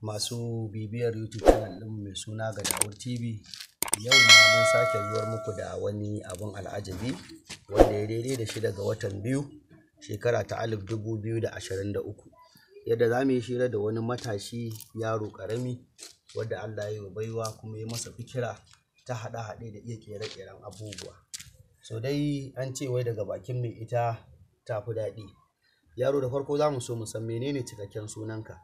masu bibiyar YouTube channel ɗin mai suna ga TV. Yau ma mun sake zuwar muku da wani abun al'ajabi wanda ya daidai da shi daga watan biyu shekara ta alif dubu biyu da ashirin da uku. Yadda za mu yi shira da wani matashi yaro karami wadda Allah ya yi baiwa kuma ya masa fikira ta haɗa haɗe da iya ƙere-ƙeren abubuwa. So dai an ce wai daga bakin mai ita tafi daɗi. Yaro da farko za mu so mu san menene cikakken sunanka.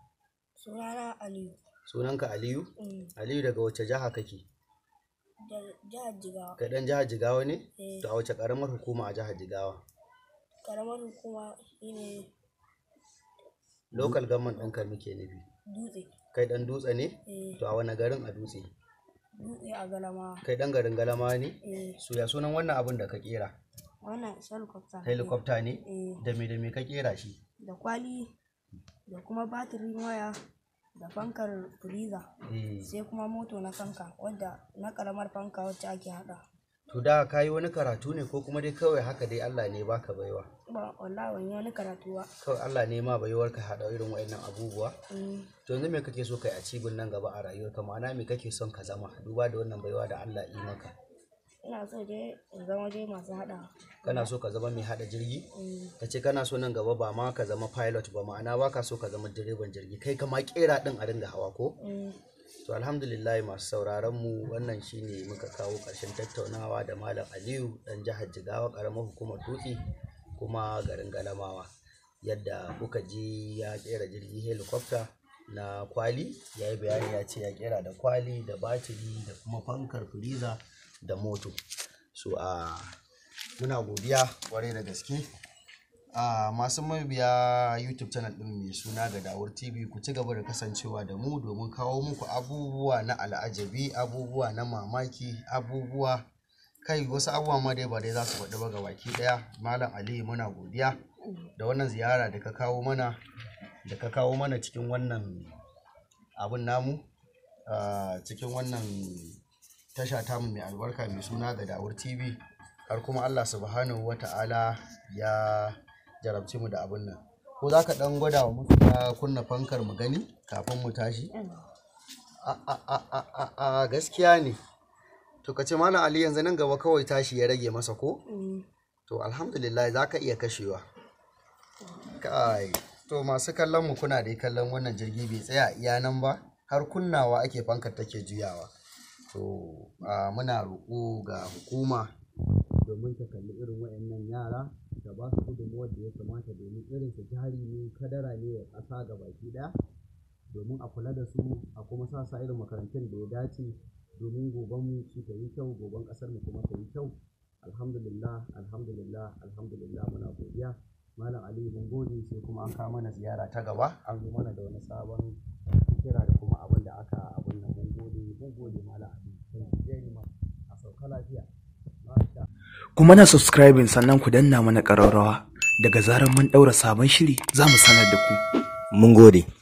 Sunana Aliyu. Sunanka Aliyu? Mm. Aliyu daga wace jiha kake? Jihar Jigawa. Kai ɗan jihar Jigawa ne? To eh. a wace ƙaramar hukuma a jihar Jigawa? Ƙaramar hukuma ne. Local government ɗinka muke nufi. Dutse. Kai ɗan dutse ne? Eh. To a wani garin a dutse? Dutse a Galama. Kai ɗan garin Galama ne? Eh. So ya sunan wannan abin da ka ƙera? Wannan helicopter. Helicopter ne? Da me da me ka ƙera shi? Da kwali da kuma batirin waya. da fankar firiza mm. sai kuma moto na fanka wadda na karamar fanka wacce ake haɗa to da ka yi wani karatu ne ko kuma dai kawai haka dai Allah ne baka baiwa ba wallahi wani wani karatu ba kawai Allah ne ma baiwar ka haɗa irin wa'annan abubuwa mm. to yanzu me kake so kai a cibin nan gaba a rayuwarka ma'ana me kake son ka zama duba da wannan baiwa da Allah yi maka ina so je in zama je masu hada kana so ka zama mai haɗa jirgi mm. ta ce kana so nan gaba ba ma ka zama pilot ba ma'ana ba ka so ka zama direban jirgi kai kama kera din a dinga hawa ko mm. to alhamdulillah masu sauraron mu wannan shine muka kawo ƙarshen tattaunawa da malam aliyu dan jihar jigawa karamar hukumar dutse kuma garin galamawa yadda kuka ji ya kera jirgi helicopter na kwali ya yi bayani ya ce ya kera da kwali da batiri da kuma fankar firiza da moto so a muna godiya kwarai da gaske a masu mabiya youtube channel din mai suna da dawur tv ku ci gaba da kasancewa da mu domin kawo muku abubuwa na al'ajabi abubuwa na mamaki abubuwa kai wasu abubuwa ma dai ba dai za su faɗi ba gabaki ɗaya malam aliyu muna godiya da wannan ziyara da ka kawo mana da ka kawo mana cikin wannan abun namu cikin wannan tasha tamu mai albarka mai suna ga dawur tv har kuma allah subhanahu wa ta'ala ya jarabci mu da abin nan ko za ka dan gwada wa mutu ta kunna fankar mu gani kafin mu tashi a gaskiya ne to ka ce mana ali yanzu nan gaba kawai tashi ya rage masa ko mm. to alhamdulillah za ka iya kashewa kai to masu kallon mu kuna da kallon wannan jirgi bai tsaya iya nan ba har kunnawa ake fankar take juyawa uh, muna roƙo ga hukuma domin ta kalli irin wayannan yara ta ba su gudunmawar da ya kamata domin irin su jari ne kadara ne ya ƙasa baki ɗaya domin a kula da su a kuma sa sa irin makarantun da ya dace domin gobenmu su ta yi kyau goben mu kuma ta yi kyau. Alhamdulillah, alhamdulillah, alhamdulillah muna godiya. Malam Aliyu mun gode sai kuma an kawo mana ziyara ta gaba an zo mana da wani sabon kira da kuma abin da aka abin nan mun gode mun gode malam Abdul ma a sauka lafiya kuma na subscribing sannan ku danna mana ƙararrawa daga zarar mun ɗaura sabon shiri za mu sanar da ku mun gode